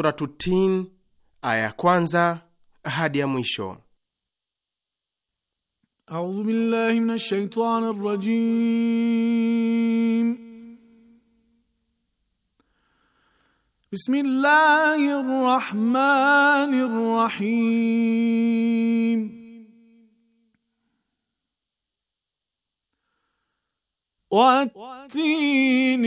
Suratu Tin aya kwanza hadi ya mwisho. A'udhu billahi minash shaitani Bismillahir rahmanir rahim. والزيتون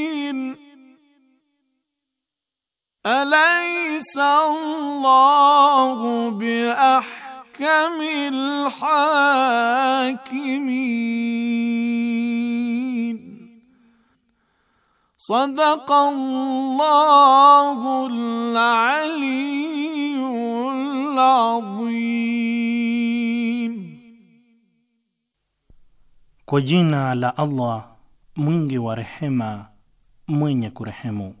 اليس الله باحكم الحاكمين صدق الله العلي العظيم كجينا لا الله منجي ورحمه منك رحمه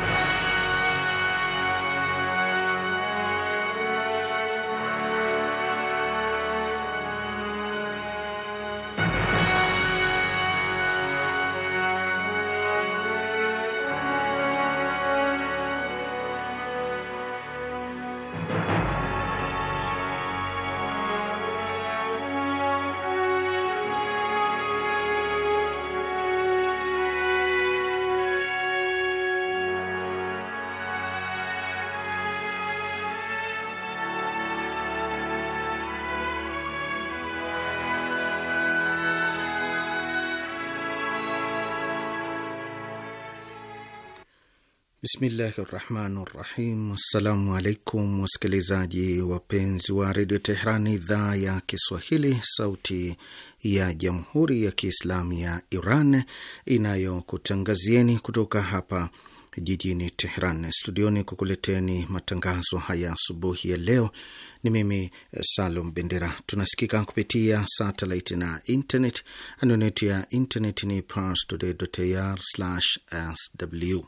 Bismillahi rahmani rahim. Assalamu alaikum wasikilizaji wapenzi wa redio Tehran, idhaa ya Kiswahili, sauti ya jamhuri ya Kiislamu ya Iran inayokutangazieni kutoka hapa jijini Teheran. Studioni kukuleteni matangazo haya asubuhi ya leo ni mimi eh, Salum Bendera. Tunasikika kupitia satellite na internet. Anwani yetu ya internet ni parstoday.ir/sw.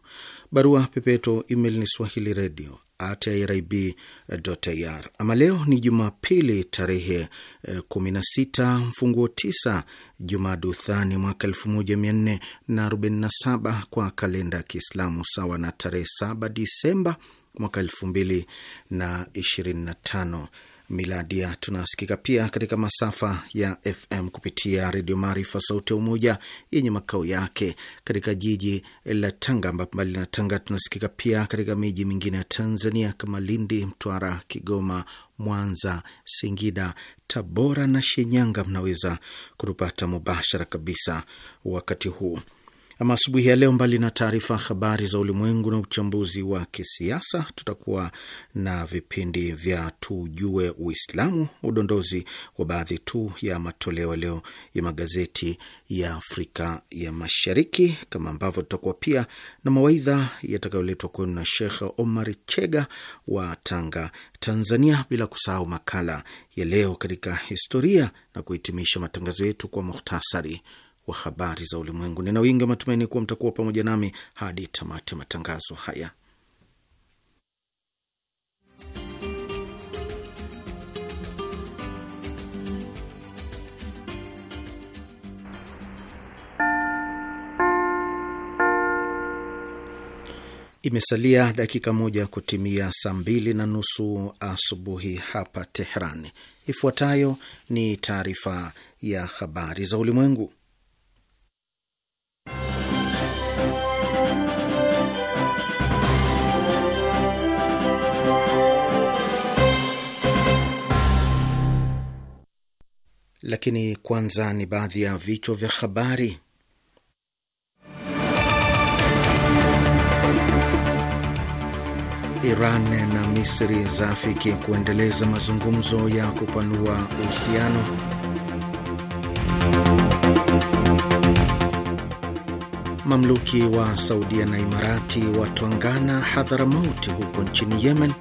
Barua pepeto email ni swahili radio irib.ir. Ama leo ni Jumapili tarehe 16 eh, mfunguo 9 Thani mwaka 1447 kwa kalenda ya Kiislamu, sawa na tarehe 7 Disemba mwaka 2025 miladia. Tunasikika pia katika masafa ya FM kupitia Redio Maarifa Sauti ya Umoja yenye makao yake katika jiji la Tanga, ambapo mbali na Tanga tunasikika pia katika miji mingine ya Tanzania kama Lindi, Mtwara, Kigoma, Mwanza, Singida, Tabora na Shinyanga. Mnaweza kutupata mubashara kabisa wakati huu ama asubuhi ya leo, mbali na taarifa habari za ulimwengu na uchambuzi wa kisiasa, tutakuwa na vipindi vya tujue Uislamu, udondozi wa baadhi tu ya matoleo leo ya magazeti ya Afrika ya Mashariki, kama ambavyo tutakuwa pia na mawaidha yatakayoletwa kwenu na Shekh Omar Chega wa Tanga, Tanzania, bila kusahau makala ya leo katika historia na kuhitimisha matangazo yetu kwa muhtasari wa habari za ulimwengu. Nina wingi wa matumaini kuwa mtakuwa pamoja nami hadi tamate ya matangazo haya. Imesalia dakika moja kutimia saa mbili na nusu asubuhi hapa Teherani. Ifuatayo ni taarifa ya habari za ulimwengu lakini kwanza ni baadhi ya vichwa vya habari. Iran na Misri zaafiki kuendeleza mazungumzo ya kupanua uhusiano. Mamluki wa Saudia na Imarati watwangana hadhara mauti huko nchini Yemen.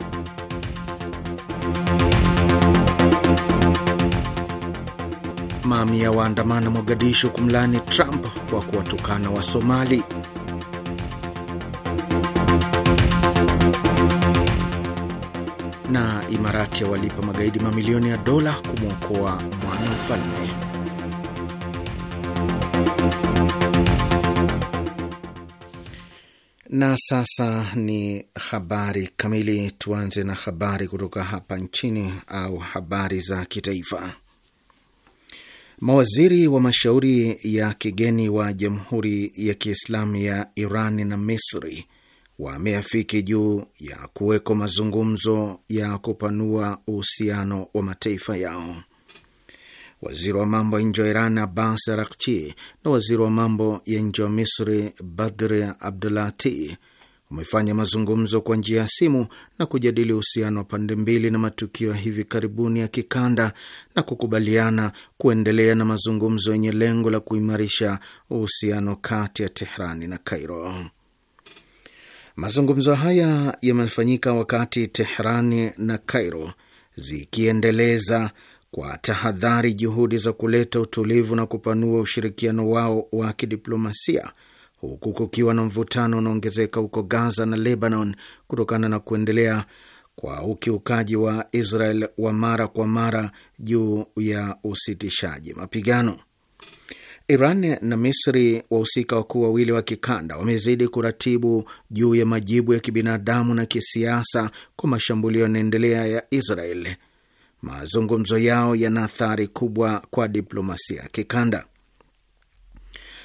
Mamia waandamana Mogadishu kumlani Trump kwa kuwatukana wa Somali. Na Imarati yawalipa magaidi mamilioni ya dola kumwokoa mwana mfalme. Na sasa ni habari kamili. Tuanze na habari kutoka hapa nchini au habari za kitaifa. Mawaziri wa mashauri ya kigeni wa Jamhuri ya Kiislamu ya Iran na Misri wameafiki juu ya kuweko mazungumzo ya kupanua uhusiano wa mataifa yao. Waziri wa mambo ya nje wa Iran Abbas Araghchi na waziri wa mambo ya nje wa Misri Badri Abdulati umefanya mazungumzo kwa njia ya simu na kujadili uhusiano wa pande mbili na matukio ya hivi karibuni ya kikanda na kukubaliana kuendelea na mazungumzo yenye lengo la kuimarisha uhusiano kati ya Tehrani na Kairo. Mazungumzo haya yamefanyika wakati Tehrani na Kairo zikiendeleza kwa tahadhari juhudi za kuleta utulivu na kupanua ushirikiano wao wa kidiplomasia huku kukiwa na mvutano unaongezeka huko Gaza na Lebanon kutokana na kuendelea kwa ukiukaji wa Israel wa mara kwa mara juu ya usitishaji mapigano. Iran na Misri, wahusika wakuu wawili wa kikanda, wamezidi kuratibu juu ya majibu ya kibinadamu na kisiasa kwa mashambulio yanaendelea ya Israel. Mazungumzo yao yana athari kubwa kwa diplomasia ya kikanda.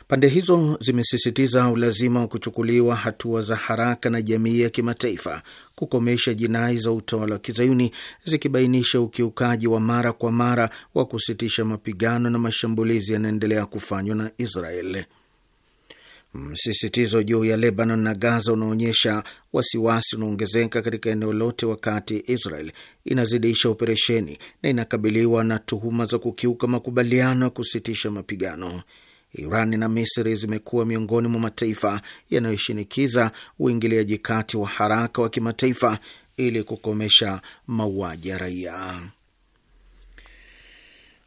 Pande hizo zimesisitiza ulazima wa kuchukuliwa hatua za haraka na jamii ya kimataifa kukomesha jinai za utawala wa kizayuni zikibainisha ukiukaji wa mara kwa mara wa kusitisha mapigano na mashambulizi yanaendelea kufanywa na israel Msisitizo juu ya Lebanon na Gaza unaonyesha wasiwasi unaongezeka katika eneo lote, wakati Israel inazidisha operesheni na inakabiliwa na tuhuma za kukiuka makubaliano ya kusitisha mapigano. Iran na Misri zimekuwa miongoni mwa mataifa yanayoshinikiza uingiliaji kati wa haraka wa kimataifa ili kukomesha mauaji ya raia.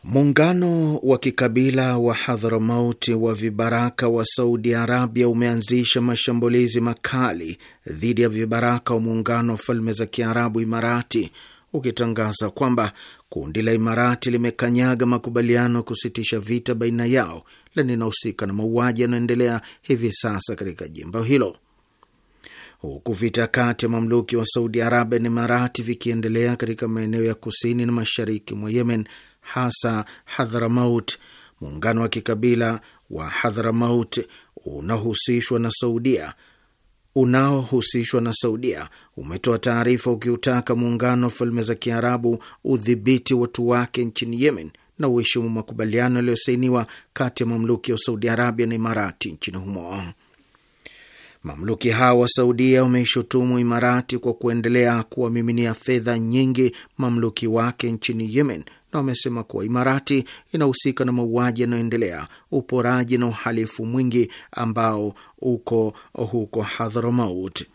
Muungano wa kikabila wa Hadhramauti wa vibaraka wa Saudi Arabia umeanzisha mashambulizi makali dhidi ya vibaraka wa muungano wa falme za Kiarabu, Imarati, ukitangaza kwamba kundi la Imarati limekanyaga makubaliano ya kusitisha vita baina yao linahusika na mauaji yanayoendelea hivi sasa katika jimbo hilo, huku vita kati ya mamluki wa Saudi Arabia na Imarati vikiendelea katika maeneo ya kusini na mashariki mwa Yemen, hasa Hadhramaut. Muungano wa kikabila wa Hadhramaut unaohusishwa na Saudia unaohusishwa na Saudia umetoa taarifa ukiutaka muungano wa falme za Kiarabu udhibiti watu wake nchini Yemen na uheshimu makubaliano yaliyosainiwa kati ya mamluki wa Saudi Arabia na Imarati nchini humo. Mamluki hao wa Saudia wameishutumu Imarati kwa kuendelea kuwamiminia fedha nyingi mamluki wake nchini Yemen, na wamesema kuwa Imarati inahusika na mauaji yanayoendelea, uporaji na uhalifu mwingi ambao uko huko Hadhramaut.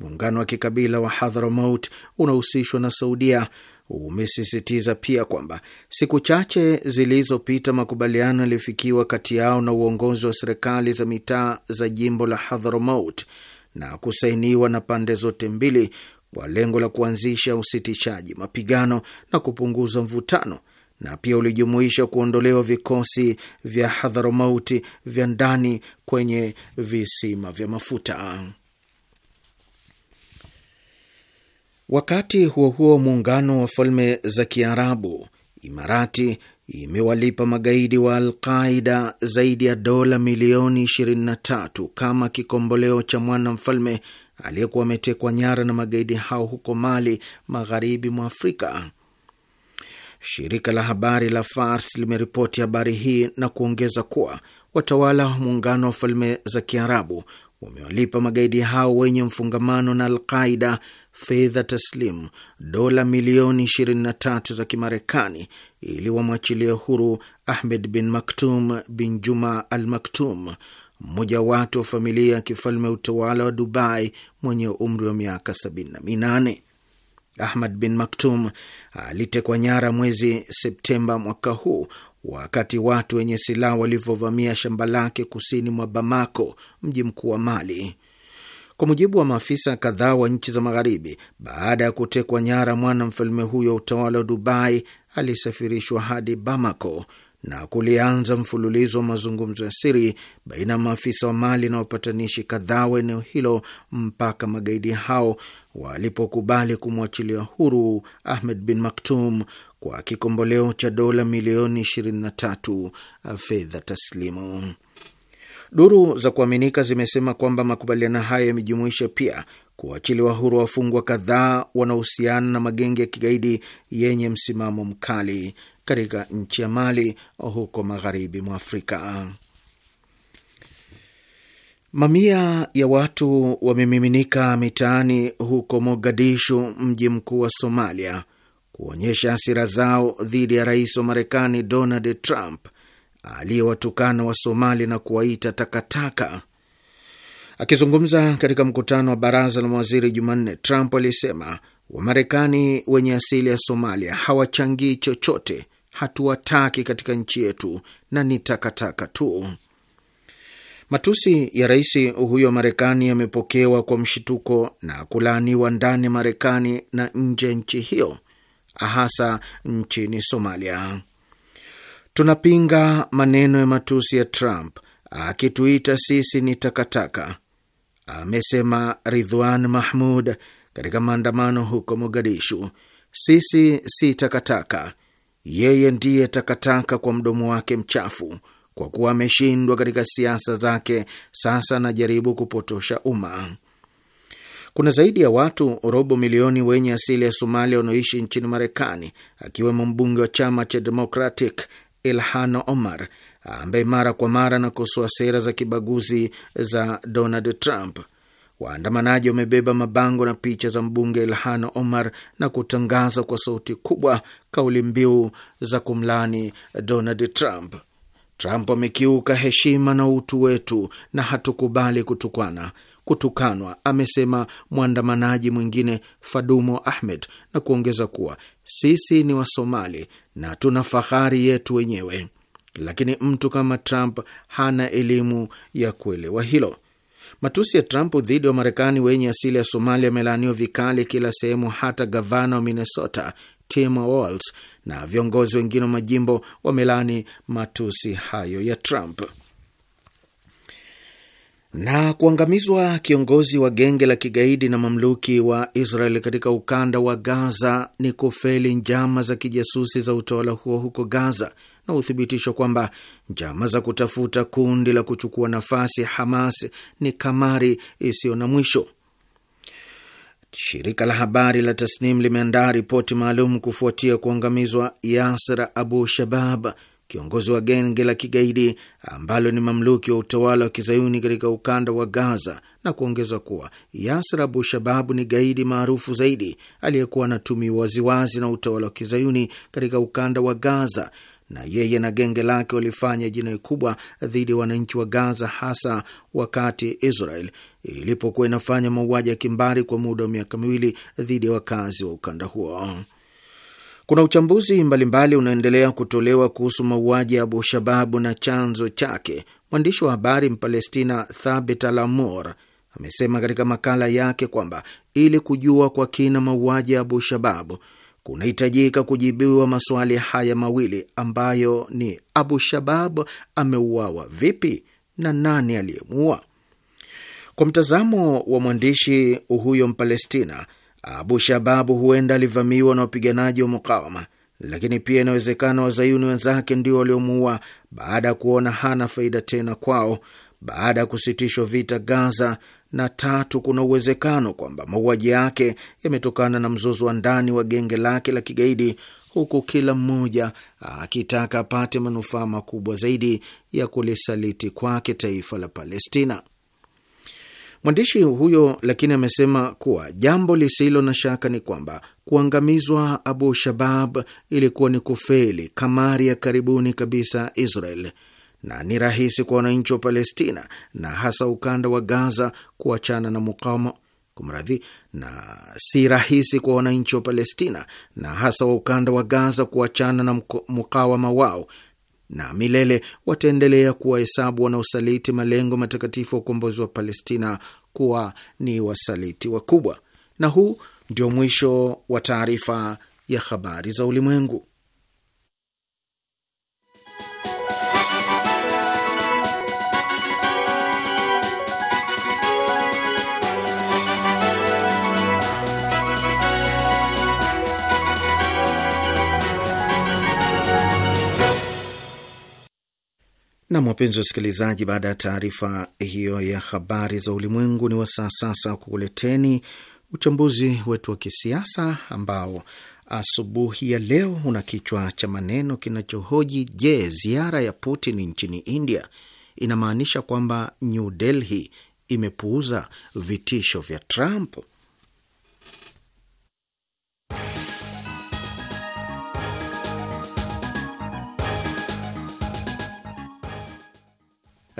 Muungano wa kikabila wa Hadhramaut unahusishwa na Saudia umesisitiza pia kwamba siku chache zilizopita makubaliano yaliyofikiwa kati yao na uongozi wa serikali za mitaa za jimbo la Hadhramaut na kusainiwa na pande zote mbili kwa lengo la kuanzisha usitishaji mapigano na kupunguza mvutano na pia ulijumuisha kuondolewa vikosi vya Hadharomauti vya ndani kwenye visima vya mafuta. Wakati huo huo, muungano wa falme za Kiarabu, Imarati, imewalipa magaidi wa Alqaida zaidi ya dola milioni 23 kama kikomboleo cha mwana mfalme aliyekuwa ametekwa nyara na magaidi hao huko Mali, magharibi mwa Afrika. Shirika la habari la Fars limeripoti habari hii na kuongeza kuwa watawala wa muungano wa falme za Kiarabu wamewalipa magaidi hao wenye mfungamano na Alqaida fedha taslimu dola milioni 23 za Kimarekani ili wamwachilie huru Ahmed bin Maktum bin Juma al Maktum, mmoja watu wa familia ya kifalme utawala wa Dubai mwenye umri wa miaka 78. Ahmad bin Maktum alitekwa nyara mwezi Septemba mwaka huu wakati watu wenye silaha walivyovamia shamba lake kusini mwa Bamako, mji mkuu wa Mali kwa mujibu wa maafisa kadhaa wa nchi za Magharibi. Baada ya kutekwa nyara mwana mfalme huyo wa utawala wa Dubai alisafirishwa hadi Bamako na kulianza mfululizo wa mazungumzo ya siri baina ya maafisa wa Mali na wapatanishi kadhaa wa eneo hilo mpaka magaidi hao walipokubali kumwachilia huru Ahmed bin Maktum kwa kikomboleo cha dola milioni 23 fedha taslimu. Duru za kuaminika zimesema kwamba makubaliano hayo yamejumuisha pia kuachiliwa huru wafungwa kadhaa wanaohusiana na magenge ya kigaidi yenye msimamo mkali katika nchi ya Mali huko magharibi mwa Afrika. Mamia ya watu wamemiminika mitaani huko Mogadishu, mji mkuu wa Somalia, kuonyesha hasira zao dhidi ya rais wa Marekani Donald Trump aliyewatukana Wasomali na kuwaita takataka. Akizungumza katika mkutano wa baraza la mawaziri Jumanne, Trump alisema Wamarekani wenye asili ya Somalia hawachangii chochote, hatuwataki katika nchi yetu na ni takataka tu. Matusi ya rais huyo wa Marekani yamepokewa kwa mshituko na kulaaniwa ndani ya Marekani na nje ya nchi hiyo, hasa nchini Somalia. Tunapinga maneno ya matusi ya Trump akituita sisi ni takataka, amesema Ridwan Mahmud katika maandamano huko Mogadishu. Sisi si takataka, yeye ndiye takataka kwa mdomo wake mchafu. Kwa kuwa ameshindwa katika siasa zake, sasa anajaribu kupotosha umma. Kuna zaidi ya watu robo milioni wenye asili ya Somalia wanaoishi nchini Marekani, akiwemo mbunge wa chama cha Democratic Ilhan Omar ambaye mara kwa mara anakosoa sera za kibaguzi za Donald Trump. Waandamanaji wamebeba mabango na picha za mbunge Ilhan Omar na kutangaza kwa sauti kubwa kauli mbiu za kumlani Donald Trump. Trump amekiuka heshima na utu wetu na hatukubali kutukwana kutukanwa, amesema mwandamanaji mwingine Fadumo Ahmed, na kuongeza kuwa sisi ni Wasomali na tuna fahari yetu wenyewe, lakini mtu kama Trump hana elimu ya kuelewa hilo. Matusi ya Trump dhidi wa Marekani wenye asili ya Somalia yamelaaniwa vikali kila sehemu. Hata gavana wa Minnesota Tim Walz na viongozi wengine wa majimbo wamelaani matusi hayo ya Trump. Na kuangamizwa kiongozi wa genge la kigaidi na mamluki wa Israel katika ukanda wa Gaza ni kufeli njama za kijasusi za utawala huo huko Gaza na uthibitisho kwamba njama za kutafuta kundi la kuchukua nafasi Hamas ni kamari isiyo na mwisho. Shirika la habari la Tasnim limeandaa ripoti maalum kufuatia kuangamizwa yasra Abu Shabab, kiongozi wa genge la kigaidi ambalo ni mamluki wa utawala wa kizayuni katika ukanda wa Gaza, na kuongeza kuwa Yasir Abu Shababu ni gaidi maarufu zaidi aliyekuwa anatumiwa waziwazi na utawala wa kizayuni katika ukanda wa Gaza, na yeye na genge lake walifanya jinai kubwa dhidi ya wananchi wa Gaza, hasa wakati Israel ilipokuwa inafanya mauaji ya kimbari kwa muda wa miaka miwili dhidi ya wakazi wa ukanda huo. Kuna uchambuzi mbalimbali mbali unaendelea kutolewa kuhusu mauaji ya Abu Shababu na chanzo chake. Mwandishi wa habari Mpalestina Thabit alamor amesema katika makala yake kwamba ili kujua kwa kina mauaji ya Abu Shababu kunahitajika kujibiwa maswali haya mawili ambayo ni Abu Shabab ameuawa vipi na nani aliyemuua? Kwa mtazamo wa mwandishi huyo Mpalestina, Abu Shababu huenda alivamiwa na wapiganaji wa mukawama, lakini pia inawezekana wazayuni wenzake ndio waliomuua baada ya kuona hana faida tena kwao baada ya kusitishwa vita Gaza. Na tatu, kuna uwezekano kwamba mauaji yake yametokana na mzozo wa ndani wa genge lake la kigaidi, huku kila mmoja akitaka apate manufaa makubwa zaidi ya kulisaliti kwake taifa la Palestina. Mwandishi huyo lakini amesema kuwa jambo lisilo na shaka ni kwamba kuangamizwa Abu Shabab ilikuwa ni kufeli kamari ya karibuni kabisa Israel, na ni rahisi kwa wananchi wa Palestina na hasa ukanda wa Gaza kuachana na mukawama Kumradhi, na si rahisi kwa wananchi wa Palestina na hasa wa ukanda wa Gaza kuachana na mkawama wao na milele wataendelea kuwahesabu wanaosaliti malengo matakatifu ya ukombozi wa Palestina kuwa ni wasaliti wakubwa. Na huu ndio mwisho wa taarifa ya habari za ulimwengu. Nam, wapenzi wasikilizaji, baada ya taarifa hiyo ya habari za ulimwengu, ni wasaa sasa kukuleteni uchambuzi wetu wa kisiasa ambao asubuhi ya leo una kichwa cha maneno kinachohoji: Je, ziara ya Putin nchini India inamaanisha kwamba New Delhi imepuuza vitisho vya Trump?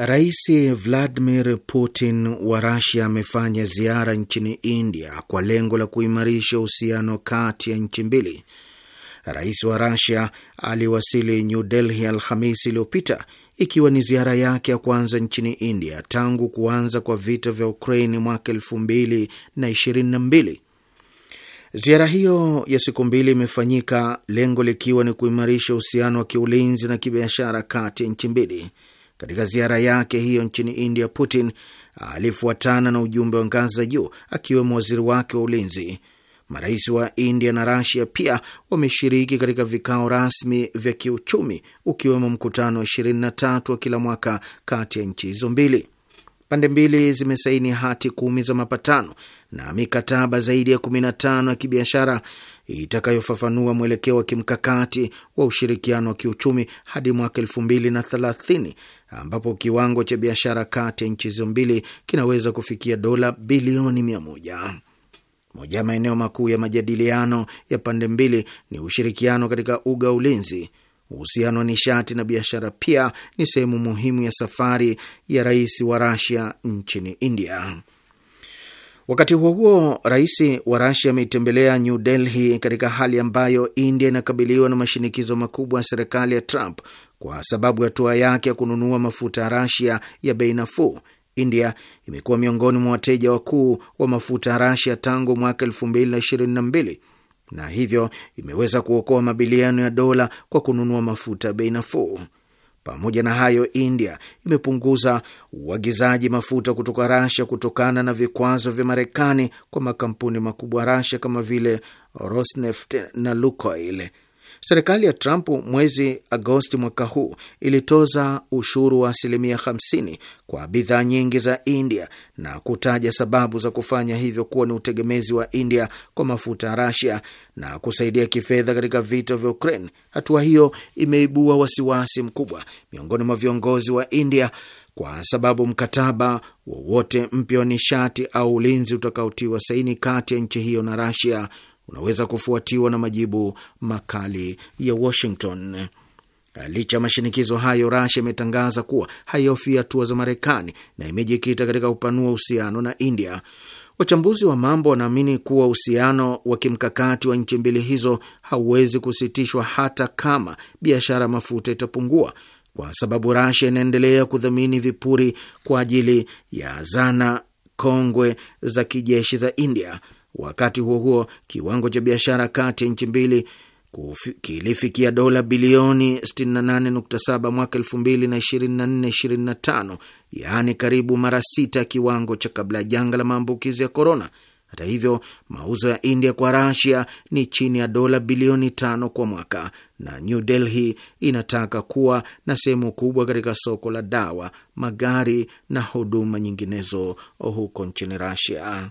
Rais Vladimir Putin wa Rasia amefanya ziara nchini India kwa lengo la kuimarisha uhusiano kati ya nchi mbili. Rais wa Rasia aliwasili New Delhi Alhamisi iliyopita ikiwa ni ziara yake ya kwanza nchini India tangu kuanza kwa vita vya Ukraini mwaka elfu mbili na ishirini na mbili. Ziara hiyo ya siku mbili imefanyika lengo likiwa ni kuimarisha uhusiano wa kiulinzi na kibiashara kati ya nchi mbili. Katika ziara yake hiyo nchini India, Putin alifuatana na ujumbe wa ngazi za juu akiwemo waziri wake wa ulinzi. Marais wa India na Rasia pia wameshiriki katika vikao rasmi vya kiuchumi ukiwemo mkutano wa 23 wa kila mwaka kati ya nchi hizo mbili. Pande mbili zimesaini hati kumi za mapatano na mikataba zaidi ya 15 ya kibiashara itakayofafanua mwelekeo wa kimkakati wa ushirikiano wa kiuchumi hadi mwaka elfu mbili na thelathini ambapo kiwango cha biashara kati ya nchi hizo mbili kinaweza kufikia dola bilioni mia moja. Moja ya maeneo makuu ya majadiliano ya pande mbili ni ushirikiano katika uga wa ulinzi, uhusiano wa nishati na biashara. Pia ni sehemu muhimu ya safari ya rais wa Rasia nchini India. Wakati huo huo, rais wa Rasia ameitembelea New Delhi katika hali ambayo India inakabiliwa na mashinikizo makubwa ya serikali ya Trump kwa sababu hatua yake ya kununua mafuta ya Rasia ya bei nafuu. India imekuwa miongoni mwa wateja wakuu wa mafuta ya Rasia tangu mwaka mbili na hivyo imeweza kuokoa mabilioni ya dola kwa kununua mafuta ya bei nafuu. Pamoja na hayo, India imepunguza uagizaji mafuta kutoka Rasia kutokana na vikwazo vya Marekani kwa makampuni makubwa ya Rasia kama vile Rosneft na Lukoil. Serikali ya Trump mwezi Agosti mwaka huu ilitoza ushuru wa asilimia 50 kwa bidhaa nyingi za India na kutaja sababu za kufanya hivyo kuwa ni utegemezi wa India kwa mafuta ya Rasia na kusaidia kifedha katika vita vya Ukraine. Hatua hiyo imeibua wasiwasi mkubwa miongoni mwa viongozi wa India kwa sababu mkataba wowote mpya wa nishati au ulinzi utakaotiwa saini kati ya nchi hiyo na Rasia unaweza kufuatiwa na majibu makali ya Washington. Licha ya mashinikizo hayo, Rasia imetangaza kuwa haihofii hatua za Marekani na imejikita katika kupanua uhusiano na India. Wachambuzi wa mambo wanaamini kuwa uhusiano wa kimkakati wa nchi mbili hizo hauwezi kusitishwa hata kama biashara ya mafuta itapungua, kwa sababu Rasia inaendelea kudhamini vipuri kwa ajili ya zana kongwe za kijeshi za India. Wakati huo huo, kiwango cha biashara kati ya nchi mbili kilifikia dola bilioni 68.7 mwaka 2024 yaani karibu mara sita ya kiwango cha kabla ya janga la maambukizi ya korona. Hata hivyo, mauzo ya India kwa Rasia ni chini ya dola bilioni tano kwa mwaka, na New Delhi inataka kuwa na sehemu kubwa katika soko la dawa, magari na huduma nyinginezo huko nchini Rasia.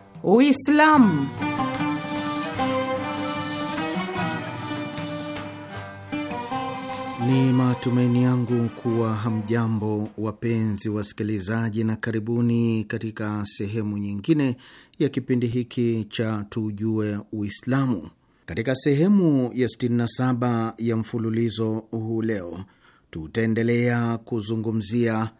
Uislamu. Ni matumaini yangu kuwa hamjambo wapenzi wasikilizaji, na karibuni katika sehemu nyingine ya kipindi hiki cha Tujue Uislamu. Katika sehemu ya 67 ya mfululizo huu leo tutaendelea kuzungumzia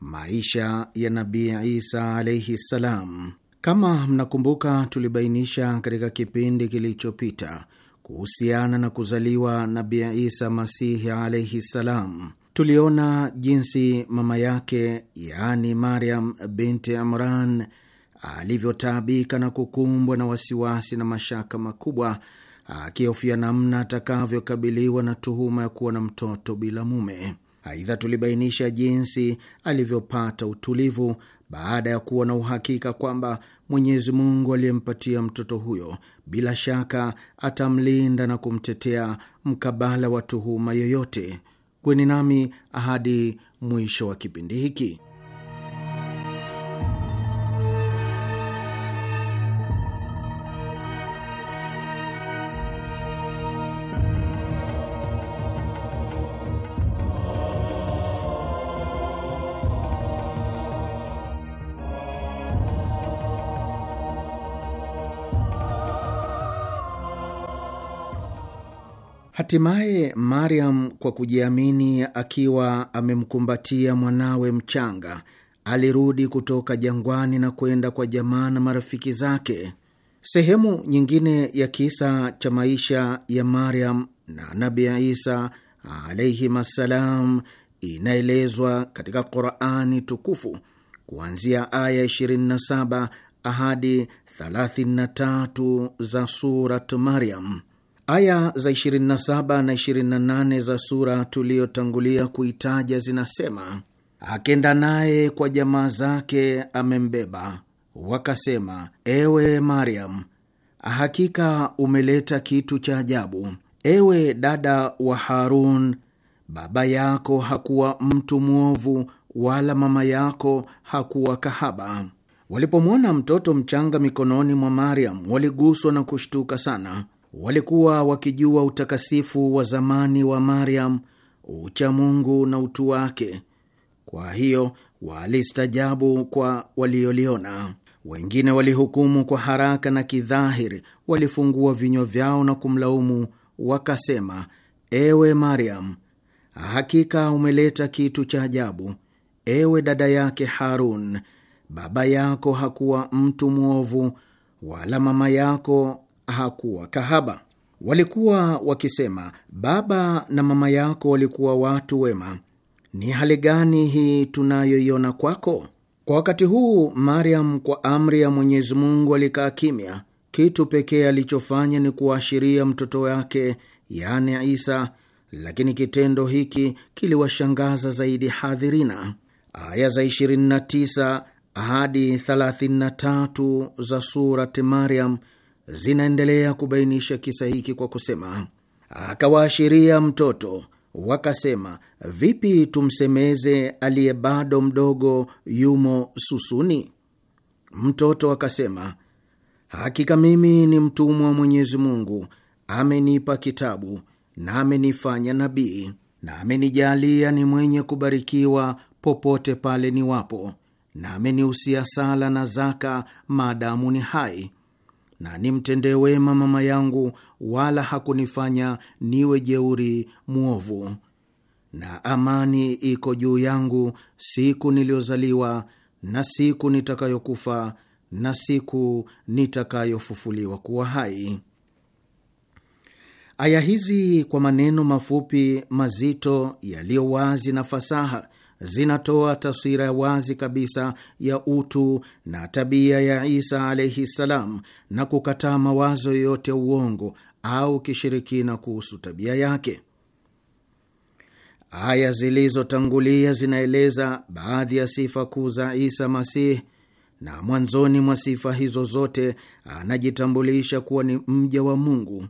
maisha ya Nabii Isa alaihi ssalam, kama mnakumbuka, tulibainisha katika kipindi kilichopita kuhusiana na kuzaliwa Nabii Isa Masihi alaihi ssalam. Tuliona jinsi mama yake yaani Mariam binti Imran alivyotaabika na kukumbwa na wasiwasi na mashaka makubwa, akihofia namna atakavyokabiliwa na tuhuma ya kuwa na mtoto bila mume. Aidha, tulibainisha jinsi alivyopata utulivu baada ya kuwa na uhakika kwamba Mwenyezi Mungu aliyempatia mtoto huyo bila shaka atamlinda na kumtetea mkabala wa tuhuma yoyote. Kweni nami hadi mwisho wa kipindi hiki. Hatimaye Mariam kwa kujiamini, akiwa amemkumbatia mwanawe mchanga, alirudi kutoka jangwani na kwenda kwa jamaa na marafiki zake. Sehemu nyingine ya kisa cha maisha ya Mariam na Nabi Isa alaihim assalam inaelezwa katika Qurani tukufu kuanzia aya 27 hadi 33 za Surat Mariam. Aya za 27 na 28 za sura tuliyotangulia kuitaja zinasema, akenda naye kwa jamaa zake amembeba, wakasema, ewe Mariam, hakika umeleta kitu cha ajabu. Ewe dada wa Harun, baba yako hakuwa mtu mwovu, wala mama yako hakuwa kahaba. Walipomwona mtoto mchanga mikononi mwa Mariam waliguswa na kushtuka sana walikuwa wakijua utakasifu wa zamani wa Mariam, ucha mungu na utu wake. Kwa hiyo walistajabu kwa walioliona. Wengine walihukumu kwa haraka na kidhahiri, walifungua vinywa vyao na kumlaumu wakasema, ewe Mariam, hakika umeleta kitu cha ajabu. Ewe dada yake Harun, baba yako hakuwa mtu mwovu wala mama yako hakuwa kahaba. Walikuwa wakisema, baba na mama yako walikuwa watu wema, ni hali gani hii tunayoiona kwako? Kwa wakati huu, Mariam kwa amri ya Mwenyezi Mungu alikaa kimya. Kitu pekee alichofanya ni kuwaashiria mtoto wake, yaani Isa, lakini kitendo hiki kiliwashangaza zaidi hadhirina. Aya za 29 hadi 33 za Surati Mariam zinaendelea kubainisha kisa hiki kwa kusema, akawaashiria mtoto, wakasema, vipi tumsemeze aliye bado mdogo yumo susuni? Mtoto akasema, hakika mimi ni mtumwa wa Mwenyezi Mungu, amenipa kitabu na amenifanya nabii na amenijalia ni mwenye kubarikiwa popote pale niwapo, na amenihusia sala na zaka maadamu ni hai na nimtendee wema mama yangu, wala hakunifanya niwe jeuri mwovu, na amani iko juu yangu siku niliyozaliwa na siku nitakayokufa na siku nitakayofufuliwa kuwa hai. Aya hizi kwa maneno mafupi mazito yaliyo wazi na fasaha zinatoa taswira ya wazi kabisa ya utu na tabia ya Isa alaihi ssalam, na kukataa mawazo yoyote ya uongo au kishirikina kuhusu tabia yake. Aya zilizotangulia zinaeleza baadhi ya sifa kuu za Isa masih na mwanzoni mwa sifa hizo zote anajitambulisha kuwa ni mja wa Mungu.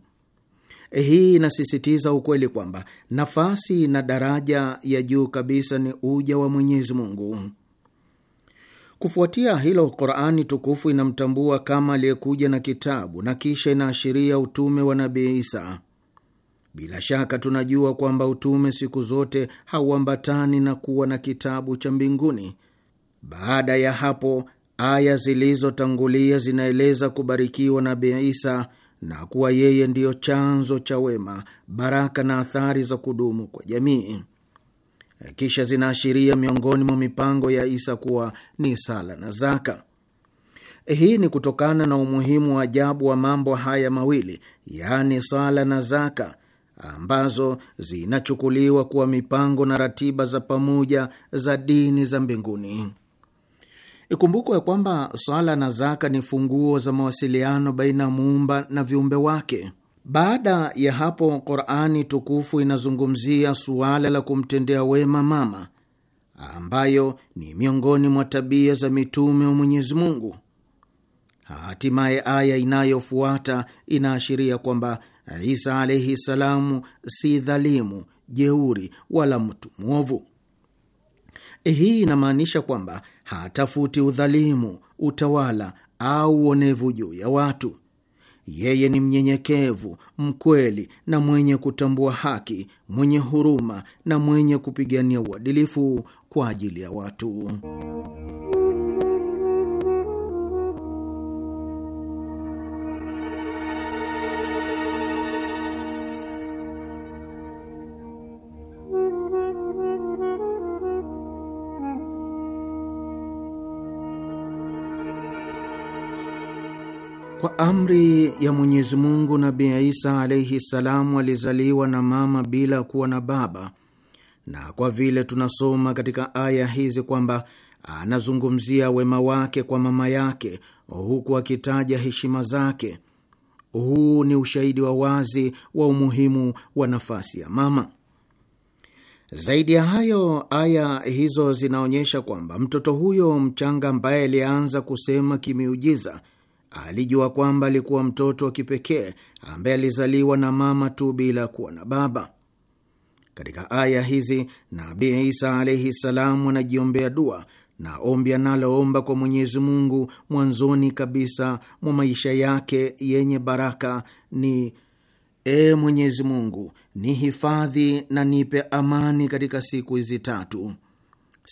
Eh, hii inasisitiza ukweli kwamba nafasi na daraja ya juu kabisa ni uja wa Mwenyezi Mungu. Kufuatia hilo, Qurani tukufu inamtambua kama aliyekuja na kitabu na kisha inaashiria utume wa Nabii Isa. Bila shaka tunajua kwamba utume siku zote hauambatani na kuwa na kitabu cha mbinguni. Baada ya hapo, aya zilizotangulia zinaeleza kubarikiwa Nabii Isa na kuwa yeye ndiyo chanzo cha wema, baraka na athari za kudumu kwa jamii. Kisha zinaashiria miongoni mwa mipango ya Isa kuwa ni sala na zaka. Hii ni kutokana na umuhimu wa ajabu wa mambo haya mawili, yaani sala na zaka, ambazo zinachukuliwa kuwa mipango na ratiba za pamoja za dini za mbinguni. Ikumbukwa ya kwamba swala na zaka ni funguo za mawasiliano baina ya muumba na viumbe wake. Baada ya hapo, Qurani tukufu inazungumzia suala la kumtendea wema mama, ambayo ni miongoni mwa tabia za mitume wa Mwenyezi Mungu. Hatimaye aya inayofuata inaashiria kwamba Isa alaihi salamu si dhalimu, jeuri wala mtu mwovu. Hii inamaanisha kwamba hatafuti udhalimu, utawala au uonevu juu ya watu. Yeye ni mnyenyekevu, mkweli na mwenye kutambua haki, mwenye huruma na mwenye kupigania uadilifu kwa ajili ya watu. Kwa amri ya Mwenyezi Mungu, Nabii Isa alaihi salamu alizaliwa na mama bila kuwa na baba, na kwa vile tunasoma katika aya hizi kwamba anazungumzia wema wake kwa mama yake huku akitaja heshima zake, huu ni ushahidi wa wazi wa umuhimu wa nafasi ya mama. Zaidi ya hayo, aya hizo zinaonyesha kwamba mtoto huyo mchanga ambaye alianza kusema kimiujiza alijua kwamba alikuwa mtoto wa kipekee ambaye alizaliwa na mama tu bila kuwa na baba. Katika aya hizi Nabii Isa alaihi salamu anajiombea dua na ombi analoomba kwa Mwenyezi Mungu mwanzoni kabisa mwa maisha yake yenye baraka ni E Mwenyezi Mungu, hifadhi na nipe amani katika siku hizi tatu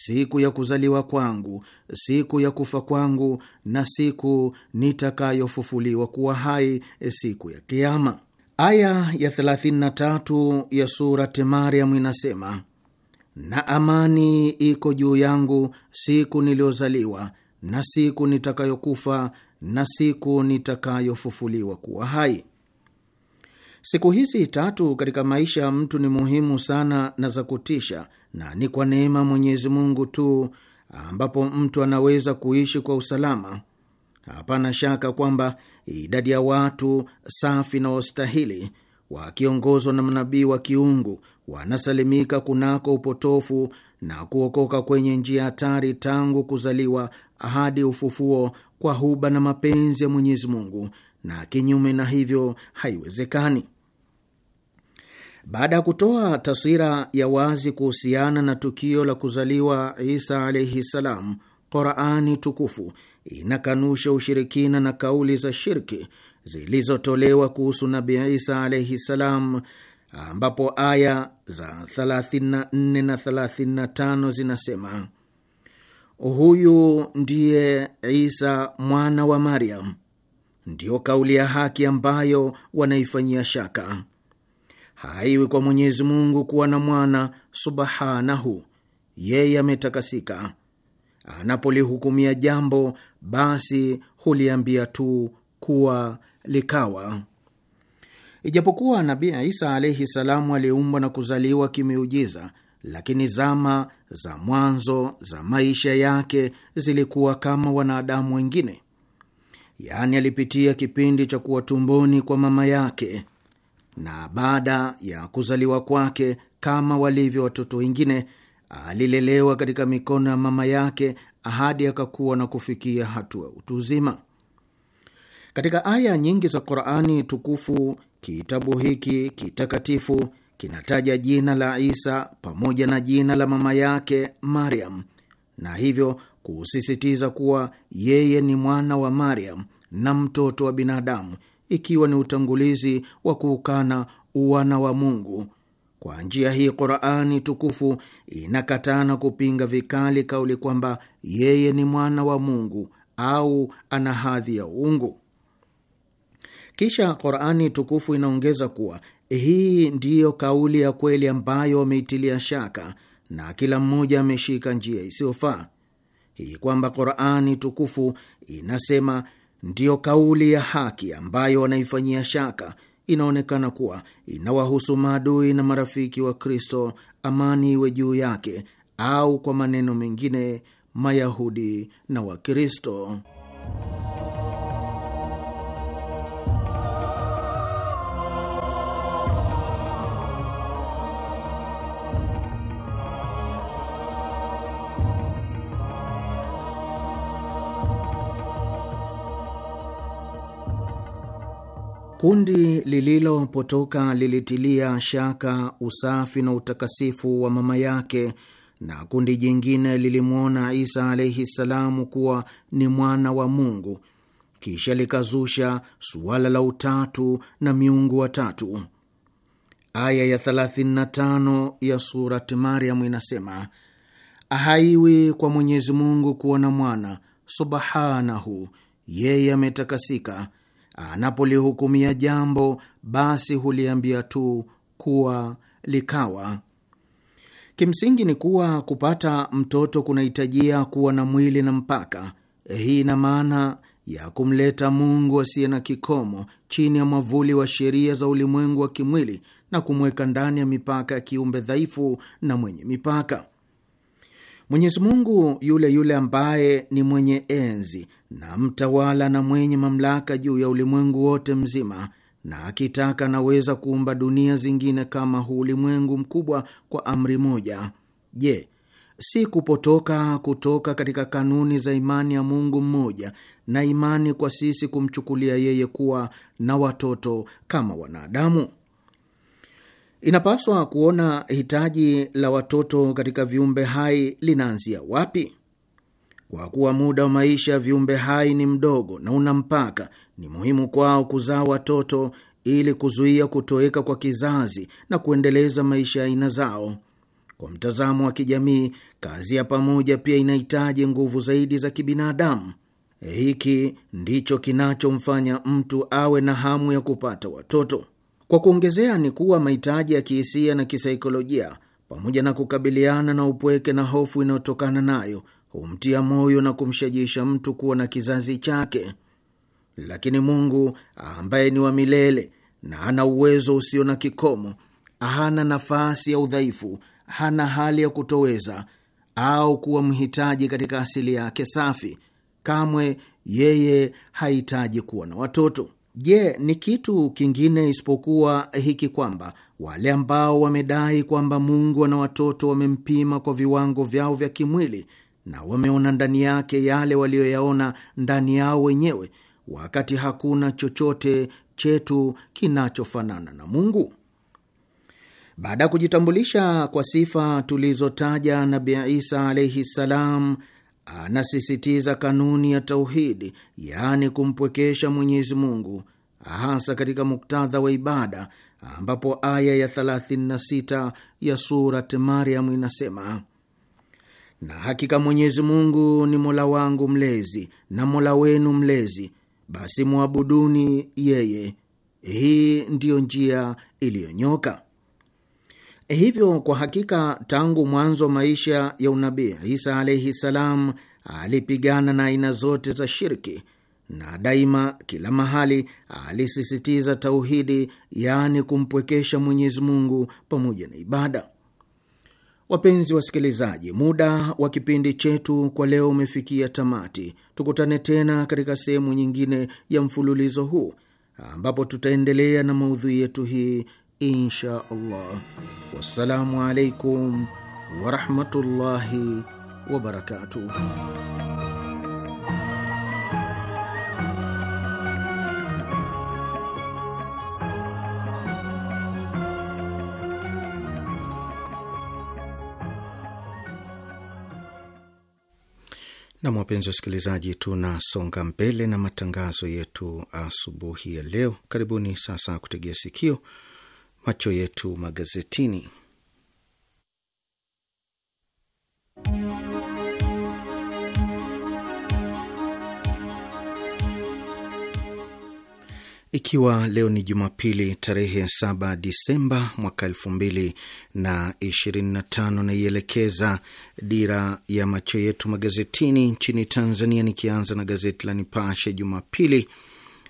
siku ya kuzaliwa kwangu, siku ya kufa kwangu, na siku nitakayofufuliwa kuwa hai, e, siku ya Kiama. Aya ya 33 ya surati Mariamu inasema, na amani iko juu yangu siku niliyozaliwa na siku nitakayokufa na siku nitakayofufuliwa kuwa hai. Siku hizi tatu katika maisha ya mtu ni muhimu sana na za kutisha, na ni kwa neema Mwenyezi Mungu tu ambapo mtu anaweza kuishi kwa usalama. Hapana shaka kwamba idadi ya watu safi na wastahili wakiongozwa na manabii wa kiungu wanasalimika kunako upotofu na kuokoka kwenye njia hatari tangu kuzaliwa hadi ufufuo kwa huba na mapenzi ya Mwenyezi Mungu, na kinyume na hivyo haiwezekani. Baada ya kutoa taswira ya wazi kuhusiana na tukio la kuzaliwa Isa alaihi salam, Qorani tukufu inakanusha ushirikina na kauli za shirki zilizotolewa kuhusu Nabi Isa alaihi ssalam ambapo aya za 34 na 35 zinasema Huyu ndiye Isa mwana wa Maryam. Ndiyo kauli ya haki ambayo wanaifanyia shaka haiwi kwa Mwenyezi Mungu kuwa na mwana subhanahu, yeye ametakasika. Anapolihukumia jambo, basi huliambia tu kuwa likawa. Ijapokuwa Nabi Isa alaihi salamu aliumbwa na kuzaliwa kimeujiza lakini zama za mwanzo za maisha yake zilikuwa kama wanadamu wengine, yaani alipitia kipindi cha kuwa tumboni kwa mama yake na baada ya kuzaliwa kwake, kama walivyo watoto wengine, alilelewa katika mikono ya mama yake ahadi akakuwa na kufikia hatua utu uzima. Katika aya nyingi za Qurani tukufu, kitabu hiki kitakatifu kinataja jina la Isa pamoja na jina la mama yake Mariam, na hivyo kusisitiza kuwa yeye ni mwana wa Mariam na mtoto wa binadamu ikiwa ni utangulizi wa kuukana wana wa Mungu. Kwa njia hii Qurani tukufu inakatana kupinga vikali kauli kwamba yeye ni mwana wa Mungu au ana hadhi ya uungu. Kisha Qurani tukufu inaongeza kuwa hii ndiyo kauli ya kweli ambayo wameitilia shaka na kila mmoja ameshika njia isiyofaa hii, kwamba Qurani tukufu inasema ndiyo kauli ya haki ambayo wanaifanyia shaka. Inaonekana kuwa inawahusu maadui na marafiki wa Kristo, amani iwe juu yake, au kwa maneno mengine Mayahudi na Wakristo. Kundi lililopotoka lilitilia shaka usafi na utakasifu wa mama yake na kundi jingine lilimwona Isa alaihi salamu kuwa ni mwana wa Mungu, kisha likazusha suala la utatu na miungu watatu. Aya ya 35 ya Surati mariam inasema haiwi kwa Mwenyezi Mungu kuwa na mwana, subhanahu, yeye ametakasika Anapolihukumia jambo, basi huliambia tu kuwa likawa. Kimsingi ni kuwa kupata mtoto kunahitajia kuwa na mwili na mpaka. Hii ina maana ya kumleta Mungu asiye na kikomo chini ya mwavuli wa sheria za ulimwengu wa kimwili na kumweka ndani ya mipaka ya kiumbe dhaifu na mwenye mipaka. Mwenyezi Mungu yule yule ambaye ni mwenye enzi na mtawala na mwenye mamlaka juu ya ulimwengu wote mzima, na akitaka anaweza kuumba dunia zingine kama huu ulimwengu mkubwa kwa amri moja. Je, si kupotoka kutoka katika kanuni za imani ya Mungu mmoja na imani kwa sisi kumchukulia yeye kuwa na watoto kama wanadamu? Inapaswa kuona hitaji la watoto katika viumbe hai linaanzia wapi. Kwa kuwa muda wa maisha ya viumbe hai ni mdogo na una mpaka, ni muhimu kwao kuzaa watoto ili kuzuia kutoweka kwa kizazi na kuendeleza maisha ya aina zao. Kwa mtazamo wa kijamii, kazi ya pamoja pia inahitaji nguvu zaidi za kibinadamu. Hiki ndicho kinachomfanya mtu awe na hamu ya kupata watoto. Kwa kuongezea, ni kuwa mahitaji ya kihisia na kisaikolojia, pamoja na kukabiliana na upweke na hofu inayotokana nayo humtia moyo na kumshajiisha mtu kuwa na kizazi chake, lakini Mungu ambaye ni wa milele na ana uwezo usio na kikomo, hana nafasi ya udhaifu, hana hali ya kutoweza au kuwa mhitaji katika asili yake safi. Kamwe yeye hahitaji kuwa na watoto. Je, ni kitu kingine isipokuwa hiki kwamba wale ambao wamedai kwamba Mungu ana watoto wamempima kwa viwango vyao vya kimwili na wameona ndani yake yale waliyoyaona ndani yao wenyewe, wakati hakuna chochote chetu kinachofanana na Mungu. Baada ya kujitambulisha kwa sifa tulizotaja, Nabii Isa alaihi ssalam anasisitiza kanuni ya tauhidi, yaani kumpwekesha Mwenyezi Mungu, hasa katika muktadha wa ibada, ambapo aya ya 36 ya Surat Mariam inasema na hakika Mwenyezi Mungu ni mola wangu mlezi na mola wenu mlezi, basi mwabuduni yeye. Hii ndiyo njia iliyonyoka. Hivyo kwa hakika tangu mwanzo maisha ya unabii Isa alaihi salam alipigana na aina zote za shirki na daima kila mahali alisisitiza tauhidi, yaani kumpwekesha Mwenyezi Mungu pamoja na ibada. Wapenzi wasikilizaji, muda wa kipindi chetu kwa leo umefikia tamati. Tukutane tena katika sehemu nyingine ya mfululizo huu ambapo tutaendelea na maudhui yetu hii insha Allah. Wassalamu alaikum warahmatullahi wabarakatuh. Nam, wapenzi wasikilizaji, tunasonga mbele na matangazo yetu asubuhi ya leo. Karibuni sasa kutegea sikio macho yetu magazetini Ikiwa leo ni Jumapili tarehe 7 Disemba mwaka elfu mbili na ishirini na tano, naielekeza dira ya macho yetu magazetini nchini Tanzania, nikianza na gazeti la Nipashe Jumapili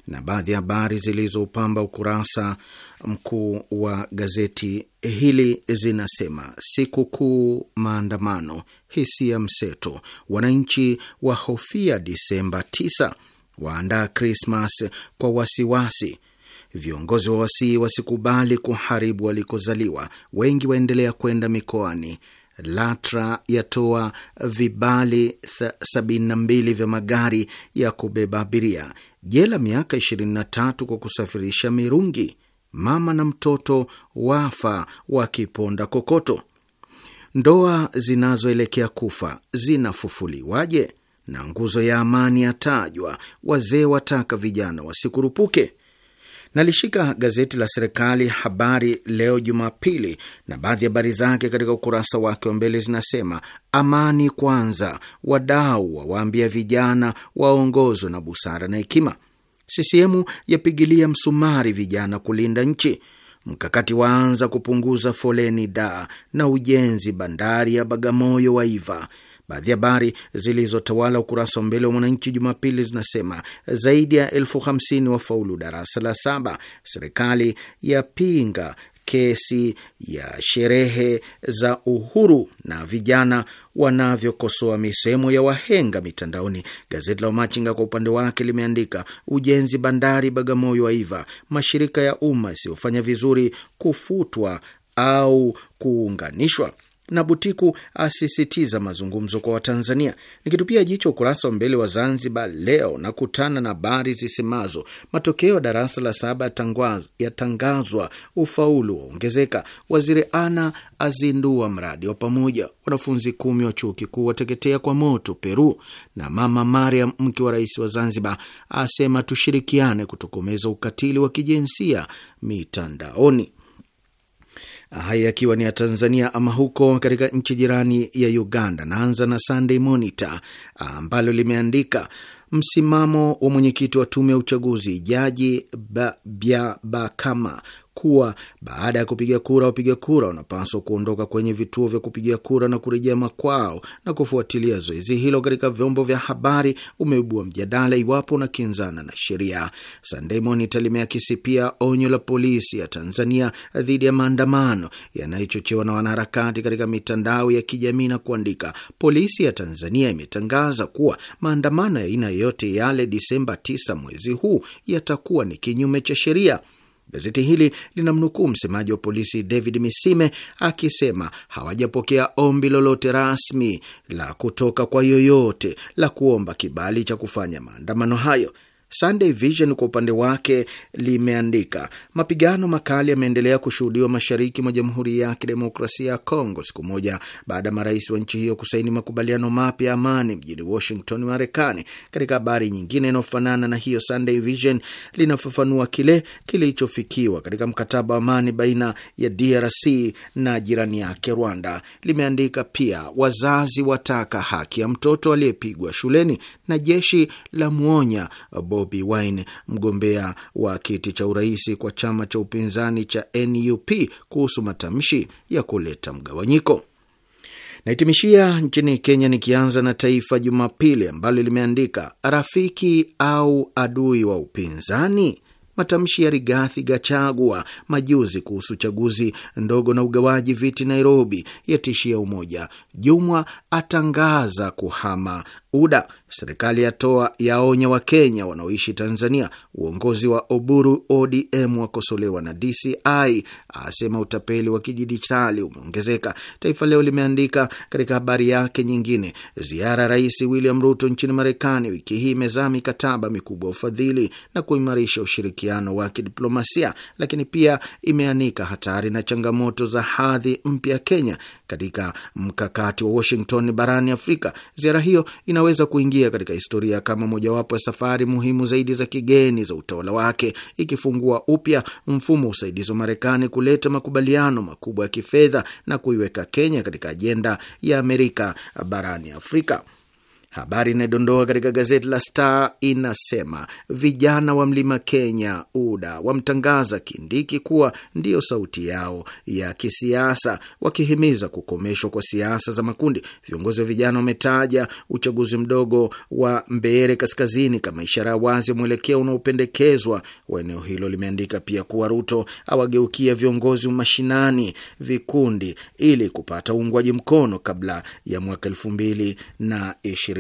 na baadhi ya habari zilizopamba ukurasa mkuu wa gazeti hili zinasema: sikukuu maandamano, hisia mseto, wananchi wahofia Disemba waandaa Krismas kwa wasiwasi. Viongozi wa Wasii wasikubali kuharibu walikozaliwa, wengi waendelea kwenda mikoani. LATRA yatoa vibali 72 vya magari ya kubeba abiria. Jela miaka 23 kwa kusafirisha mirungi. Mama na mtoto wafa wakiponda kokoto. Ndoa zinazoelekea kufa zinafufuliwaje? na nguzo ya amani yatajwa, wazee wataka vijana wasikurupuke. Nalishika gazeti la serikali Habari Leo Jumapili, na baadhi ya habari zake katika ukurasa wake wa mbele zinasema: amani kwanza, wadau wawaambia vijana waongozwe na busara na hekima. CCM yapigilia msumari vijana kulinda nchi. Mkakati waanza kupunguza foleni da na ujenzi bandari ya Bagamoyo waiva. Baadhi ya habari zilizotawala ukurasa wa mbele wa Mwananchi Jumapili zinasema zaidi ya elfu hamsini wafaulu darasa la saba, serikali yapinga kesi ya sherehe za uhuru na vijana wanavyokosoa misemo ya wahenga mitandaoni. Gazeti la Wamachinga kwa upande wake limeandika ujenzi bandari Bagamoyo waiva, mashirika ya umma yasiyofanya vizuri kufutwa au kuunganishwa na Butiku asisitiza mazungumzo kwa Watanzania. Nikitupia jicho ukurasa wa mbele wa Zanzibar Leo na kutana na habari zisemazo matokeo ya darasa la saba yatangazwa, ufaulu waongezeka, waziri ana azindua mradi wa pamoja, wanafunzi kumi wa chuo kikuu wateketea kwa moto Peru, na Mama Mariam mke wa rais wa Zanzibar asema tushirikiane kutokomeza ukatili wa kijinsia mitandaoni haya yakiwa ni ya Tanzania ama huko katika nchi jirani ya Uganda. Naanza na Sunday Monitor ambalo limeandika msimamo wa mwenyekiti wa tume ya uchaguzi Jaji Byabakama kuwa baada ya kupiga kura, wapiga kura wanapaswa kuondoka kwenye vituo vya kupiga kura na kurejea makwao. Na kufuatilia zoezi hilo katika vyombo vya habari umeibua mjadala iwapo unakinzana na sheria. Sandemon italimea pia onyo la polisi ya Tanzania dhidi ya maandamano yanayochochewa na wanaharakati katika mitandao ya kijamii na kuandika, polisi ya Tanzania imetangaza kuwa maandamano ya aina yoyote yale Disemba 9 mwezi huu yatakuwa ni kinyume cha sheria. Gazeti hili linamnukuu msemaji wa polisi David Misime akisema hawajapokea ombi lolote rasmi la kutoka kwa yoyote la kuomba kibali cha kufanya maandamano hayo. Sunday Vision kwa upande wake limeandika mapigano makali yameendelea kushuhudiwa mashariki mwa Jamhuri ya Kidemokrasia ya Kongo siku moja baada ya marais wa nchi hiyo kusaini makubaliano mapya ya amani mjini Washington, Marekani. Katika habari nyingine inayofanana na hiyo, Sunday Vision linafafanua kile kilichofikiwa katika mkataba wa amani baina ya DRC na jirani yake Rwanda. Limeandika pia wazazi wataka haki ya mtoto aliyepigwa shuleni na jeshi la mwonya Bobi Wine, mgombea wa kiti cha urais kwa chama cha upinzani cha NUP kuhusu matamshi ya kuleta mgawanyiko. Naitimishia nchini Kenya, nikianza na Taifa Jumapili ambalo limeandika rafiki au adui wa upinzani matamshi ya Rigathi Gachagua majuzi kuhusu chaguzi ndogo na ugawaji viti Nairobi yatishia umoja. Jumwa atangaza kuhama UDA. Serikali yatoa yaonya Wakenya wanaoishi Tanzania. Uongozi wa Oburu ODM wakosolewa na DCI, asema utapeli wa kidijitali umeongezeka. Taifa Leo limeandika katika habari yake nyingine, ziara Rais William Ruto nchini Marekani wiki hii imezaa mikataba mikubwa ya ufadhili na kuimarisha ushirikiano wa kidiplomasia, lakini pia imeanika hatari na changamoto za hadhi mpya Kenya katika mkakati wa Washington barani Afrika. Ziara hiyo ina inaweza kuingia katika historia kama mojawapo ya safari muhimu zaidi za kigeni za utawala wake, ikifungua upya mfumo wa usaidizi wa Marekani, kuleta makubaliano makubwa ya kifedha na kuiweka Kenya katika ajenda ya Amerika barani Afrika. Habari inayodondoka katika gazeti la Star inasema vijana wa mlima Kenya UDA wamtangaza Kindiki kuwa ndiyo sauti yao ya kisiasa, wakihimiza kukomeshwa kwa siasa za makundi. Viongozi wa vijana wametaja uchaguzi mdogo wa Mbeere Kaskazini kama ishara ya wazi ya mwelekeo unaopendekezwa wa eneo hilo. Limeandika pia kuwa Ruto awageukia viongozi mashinani vikundi ili kupata uungwaji mkono kabla ya mwaka elfu mbili na ishirini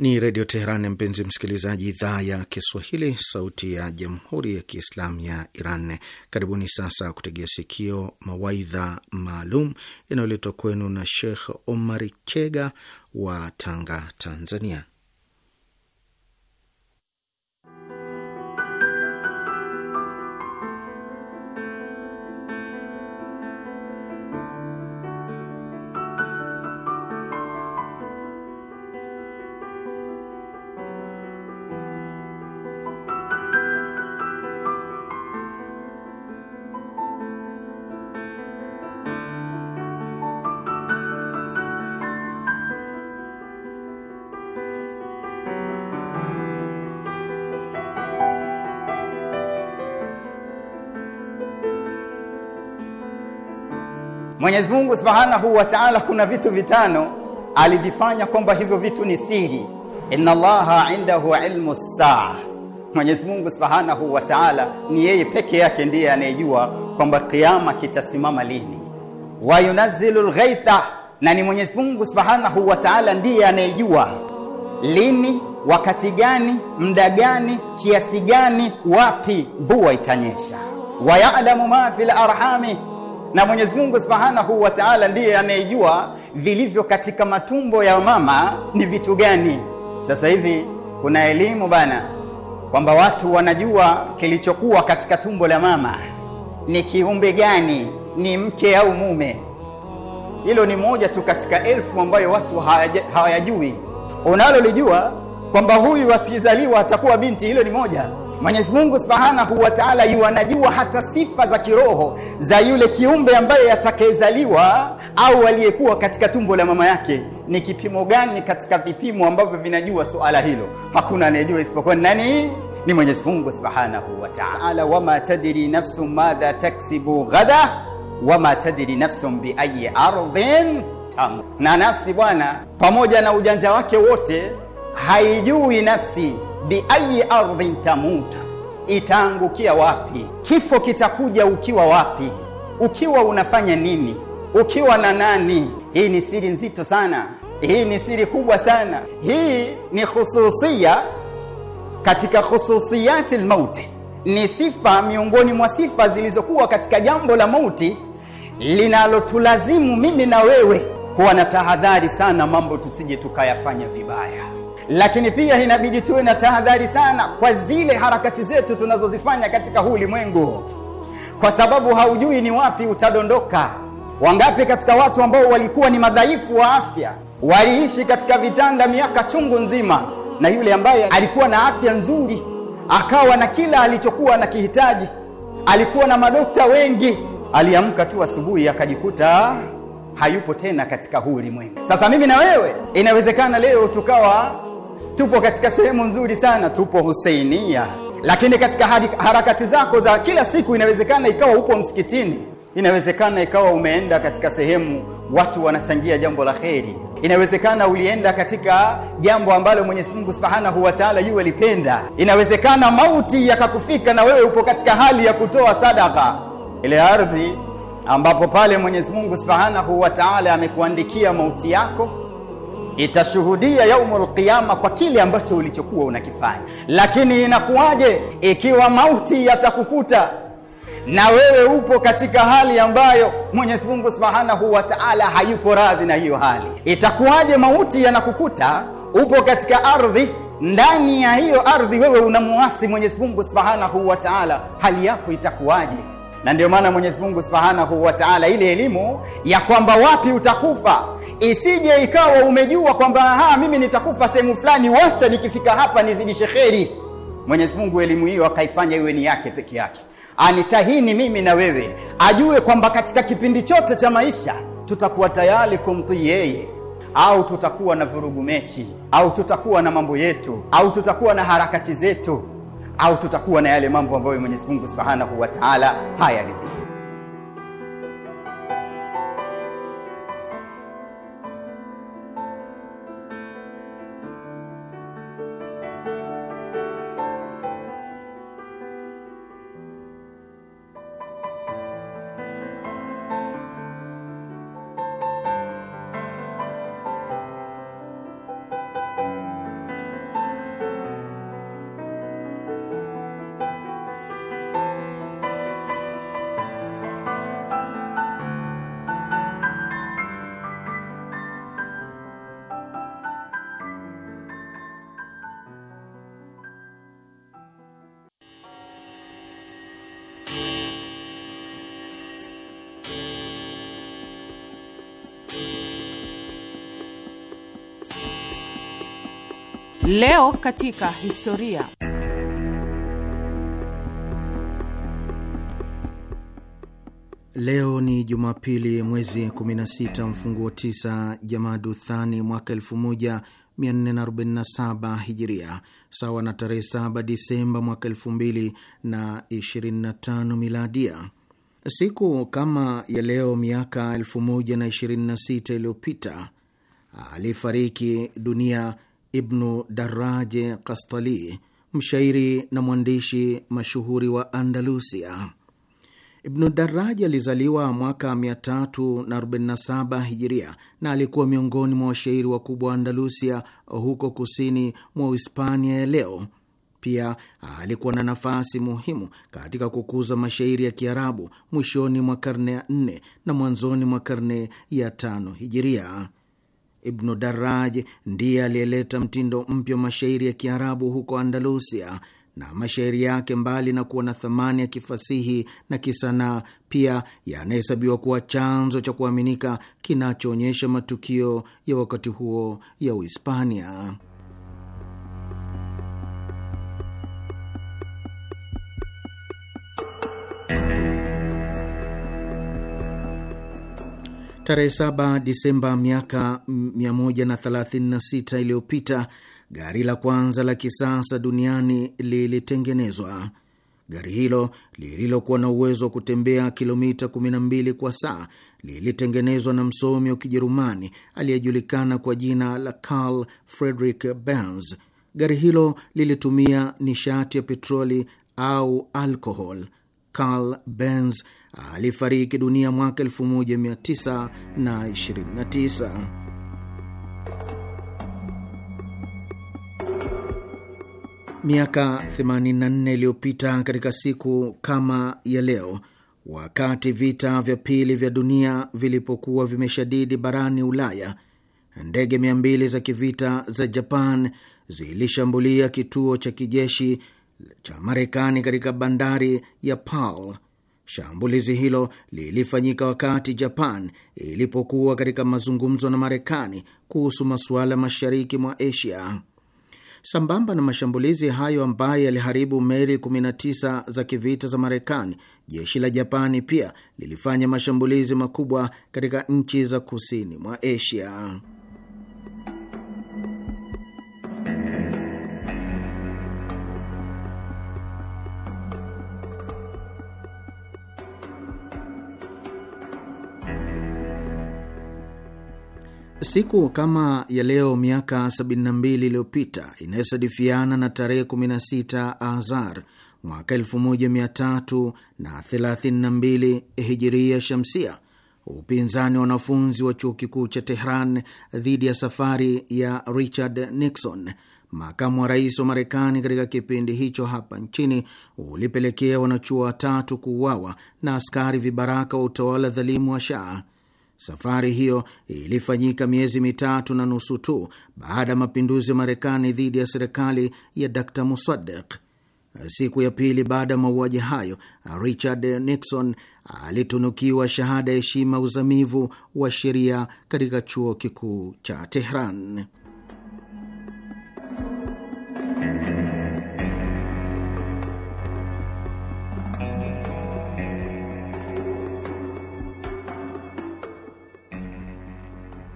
ni Redio Teheran, mpenzi msikilizaji, idhaa ya Kiswahili, sauti ya jamhuri ya kiislamu ya Iran. Karibuni sasa kutegea sikio mawaidha maalum yanayoletwa kwenu na Shekh Omar Chega wa Tanga, Tanzania. Mwenyezi Mungu Subhanahu wa Ta'ala kuna vitu vitano alivifanya kwamba hivyo vitu ni siri. Inna Allaha indahu ilmu saa. Mwenyezi Mungu Subhanahu wa Ta'ala ni yeye peke yake ndiye anayejua kwamba kiyama kitasimama lini. Wa yunazzilu lghaitha, na ni Mwenyezi Mungu Subhanahu wa Ta'ala ndiye anayejua lini, wakati gani, muda gani, kiasi gani, wapi mvua itanyesha. Wa ya'lamu ma fil arhami na Mwenyezi Mungu Subhanahu wa Ta'ala ndiye anayejua vilivyo katika matumbo ya mama ni vitu gani. Sasa hivi kuna elimu bana, kwamba watu wanajua kilichokuwa katika tumbo la mama ni kiumbe gani, ni mke au mume. Hilo ni moja tu katika elfu ambayo watu hawayajui. Unalolijua kwamba huyu akizaliwa atakuwa binti, hilo ni moja Mwenyezi Mungu Subhanahu wa Ta'ala yu anajua hata sifa za kiroho za yule kiumbe ambaye atakayezaliwa au aliyekuwa katika tumbo la mama yake. Ni kipimo gani katika vipimo ambavyo vinajua suala hilo? Hakuna anayejua isipokuwa nani? Ni Mwenyezi Mungu Subhanahu wa Ta'ala. Wama tadri nafsu madha taksibu ghada wama tadri bi biayi ardhin tam. Na nafsi bwana, pamoja na ujanja wake wote, haijui nafsi biayi ardhin tamuta, itaangukia wapi? Kifo kitakuja ukiwa wapi? Ukiwa unafanya nini? Ukiwa na nani? Hii ni siri nzito sana, hii ni siri kubwa sana, hii ni khususia katika khususiyati lmauti, ni sifa miongoni mwa sifa zilizokuwa katika jambo la mauti linalotulazimu mimi na wewe kuwa na tahadhari sana, mambo tusije tukayafanya vibaya lakini pia inabidi tuwe na tahadhari sana kwa zile harakati zetu tunazozifanya katika huu ulimwengu, kwa sababu haujui ni wapi utadondoka. Wangapi katika watu ambao walikuwa ni madhaifu wa afya waliishi katika vitanda miaka chungu nzima, na yule ambaye alikuwa na afya nzuri akawa na kila alichokuwa na kihitaji, alikuwa na madokta wengi, aliamka tu asubuhi akajikuta hayupo tena katika huu ulimwengu. Sasa mimi na wewe inawezekana leo tukawa tupo katika sehemu nzuri sana, tupo Husainia. Lakini katika harakati zako za kila siku, inawezekana ikawa upo msikitini, inawezekana ikawa umeenda katika sehemu watu wanachangia jambo la kheri, inawezekana ulienda katika jambo ambalo Mwenyezi Mungu Subhanahu wa Ta'ala yu alipenda, inawezekana mauti yakakufika na wewe upo katika hali ya kutoa sadaka, ile ardhi ambapo pale Mwenyezi Mungu Subhanahu wa Ta'ala amekuandikia mauti yako itashuhudia yaumul qiyama kwa kile ambacho ulichokuwa unakifanya. Lakini inakuwaje ikiwa mauti yatakukuta na wewe upo katika hali ambayo Mwenyezi Mungu Subhanahu wa Ta'ala hayupo radhi na hiyo hali? Itakuwaje mauti yanakukuta upo katika ardhi, ndani ya hiyo ardhi wewe unamuasi Mwenyezi Mungu Subhanahu wa Ta'ala, hali yako itakuwaje? na ndio maana Mwenyezi Mungu Subhanahu wa Ta'ala, ile elimu ya kwamba wapi utakufa isije ikawa umejua kwamba ha, mimi nitakufa sehemu fulani, wacha nikifika hapa nizidishe kheri. Mwenyezi Mungu elimu hiyo akaifanya iwe ni yake peke yake, anitahini mimi na wewe, ajue kwamba katika kipindi chote cha maisha tutakuwa tayari kumtii yeye au tutakuwa na vurugu mechi au tutakuwa na mambo yetu au tutakuwa na harakati zetu au tutakuwa na yale mambo ambayo Mwenyezi Mungu Subhanahu wa Ta'ala hayaridhii. Leo katika historia. Leo ni Jumapili, mwezi 16 mfunguo 9 Jamadu Thani mwaka 1447 Hijiria, sawa na tarehe 7 Disemba mwaka 2025 Miladia. Siku kama ya leo miaka 1026 iliyopita alifariki dunia Ibnu Daraje Kastali, mshairi na mwandishi mashuhuri wa Andalusia. Ibnu Daraji alizaliwa mwaka 347 hijiria na alikuwa miongoni mwa washairi wakubwa wa Andalusia, huko kusini mwa Uhispania ya leo. Pia alikuwa na nafasi muhimu katika kukuza mashairi ya Kiarabu mwishoni mwa karne ya 4 na mwanzoni mwa karne ya tano hijiria. Ibnu Daraj ndiye aliyeleta mtindo mpya wa mashairi ya Kiarabu huko Andalusia, na mashairi yake mbali na kuwa na thamani ya kifasihi na kisanaa, pia yanahesabiwa kuwa chanzo cha kuaminika kinachoonyesha matukio ya wakati huo ya Uhispania. Tarehe 7 Disemba miaka 136 iliyopita gari la kwanza la kisasa duniani lilitengenezwa. Gari hilo lililokuwa na uwezo wa kutembea kilomita 12 kwa saa lilitengenezwa na msomi wa Kijerumani aliyejulikana kwa jina la Carl Friedrich Benz. Gari hilo lilitumia nishati ya petroli au alcohol. Carl Benz alifariki dunia mwaka 1929. Miaka 84 iliyopita katika siku kama ya leo, wakati vita vya pili vya dunia vilipokuwa vimeshadidi barani Ulaya, ndege 200 za kivita za Japan zilishambulia kituo cha kijeshi cha Marekani katika bandari ya Pearl Shambulizi hilo lilifanyika wakati Japan ilipokuwa katika mazungumzo na Marekani kuhusu masuala mashariki mwa Asia. Sambamba na mashambulizi hayo ambayo yaliharibu meli 19 za kivita za Marekani, jeshi la Japani pia lilifanya mashambulizi makubwa katika nchi za kusini mwa Asia. Siku kama ya leo miaka 72 iliyopita inayosadifiana na tarehe 16 Azar mwaka 1332 hijiria shamsia, upinzani wa wanafunzi wa chuo kikuu cha Tehran dhidi ya safari ya Richard Nixon, makamu wa rais wa Marekani katika kipindi hicho hapa nchini, ulipelekea wanachuo watatu kuuawa na askari vibaraka wa utawala dhalimu wa Shah. Safari hiyo ilifanyika miezi mitatu na nusu tu baada ya mapinduzi ya Marekani dhidi ya serikali ya Dr Musaddiq. Siku ya pili baada ya mauaji hayo, Richard Nixon alitunukiwa shahada ya heshima uzamivu wa sheria katika chuo kikuu cha Tehran.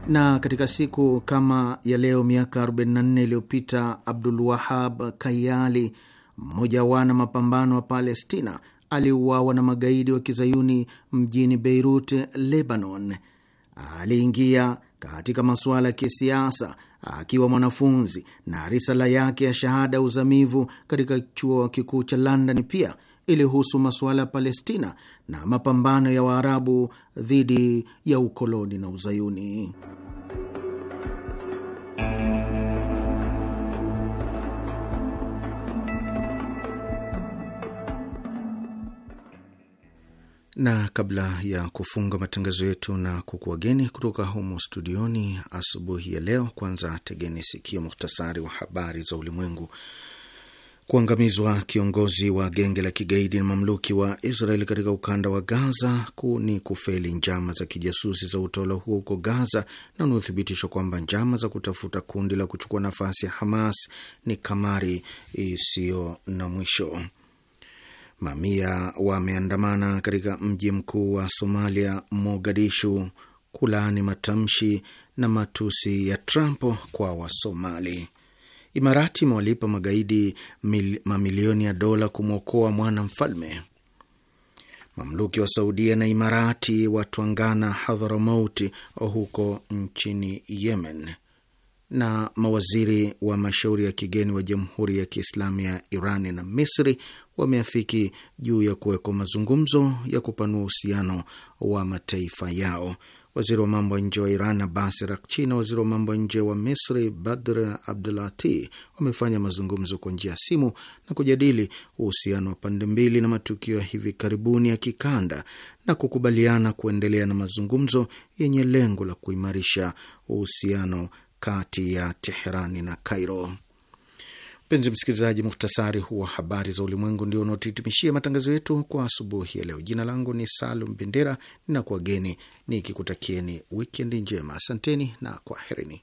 Na katika siku kama ya leo miaka 44 iliyopita Abdul Wahab Kayali, mmoja wa wana mapambano wa Palestina, aliuawa na magaidi wa kizayuni mjini Beirut, Lebanon. Aliingia katika masuala ya kisiasa akiwa mwanafunzi na risala yake ya shahada ya uzamivu katika chuo kikuu cha London pia ilihusu masuala ya Palestina na mapambano ya Waarabu dhidi ya ukoloni na Uzayuni. na kabla ya kufunga matangazo yetu na kukuwageni kutoka humo studioni asubuhi ya leo, kwanza tegeni sikio muhtasari wa habari za ulimwengu. Kuangamizwa kiongozi wa genge la kigaidi na mamluki wa Israel katika ukanda wa Gaza ni kufeli njama za kijasusi za utawala huo huko Gaza na unaothibitishwa kwamba njama za kutafuta kundi la kuchukua nafasi ya Hamas ni kamari isiyo na mwisho. Mamia wameandamana katika mji mkuu wa Somalia, Mogadishu, kulaani matamshi na matusi ya Trump kwa Wasomali. Imarati imewalipa magaidi mil, mamilioni ya dola kumwokoa mwana mfalme. Mamluki wa Saudia na Imarati watwangana Hadhramaut huko nchini Yemen. Na mawaziri wa mashauri ya kigeni wa Jamhuri ya Kiislamu ya iran na Misri wameafiki juu ya kuwekwa mazungumzo ya kupanua uhusiano wa mataifa yao waziri wa mambo ya nje wa Iran Abbas rakchi na waziri wa mambo ya nje wa Misri Badr Abdulati wamefanya mazungumzo kwa njia ya simu na kujadili uhusiano wa pande mbili na matukio ya hivi karibuni ya kikanda na kukubaliana kuendelea na mazungumzo yenye lengo la kuimarisha uhusiano kati ya Teherani na Kairo. Mpenzi msikilizaji, muhtasari huu wa habari za ulimwengu ndio unaotuhitimishia matangazo yetu kwa asubuhi ya leo. Jina langu ni Salum Bendera, ni nikikutakieni wikendi njema. Asanteni na kwaherini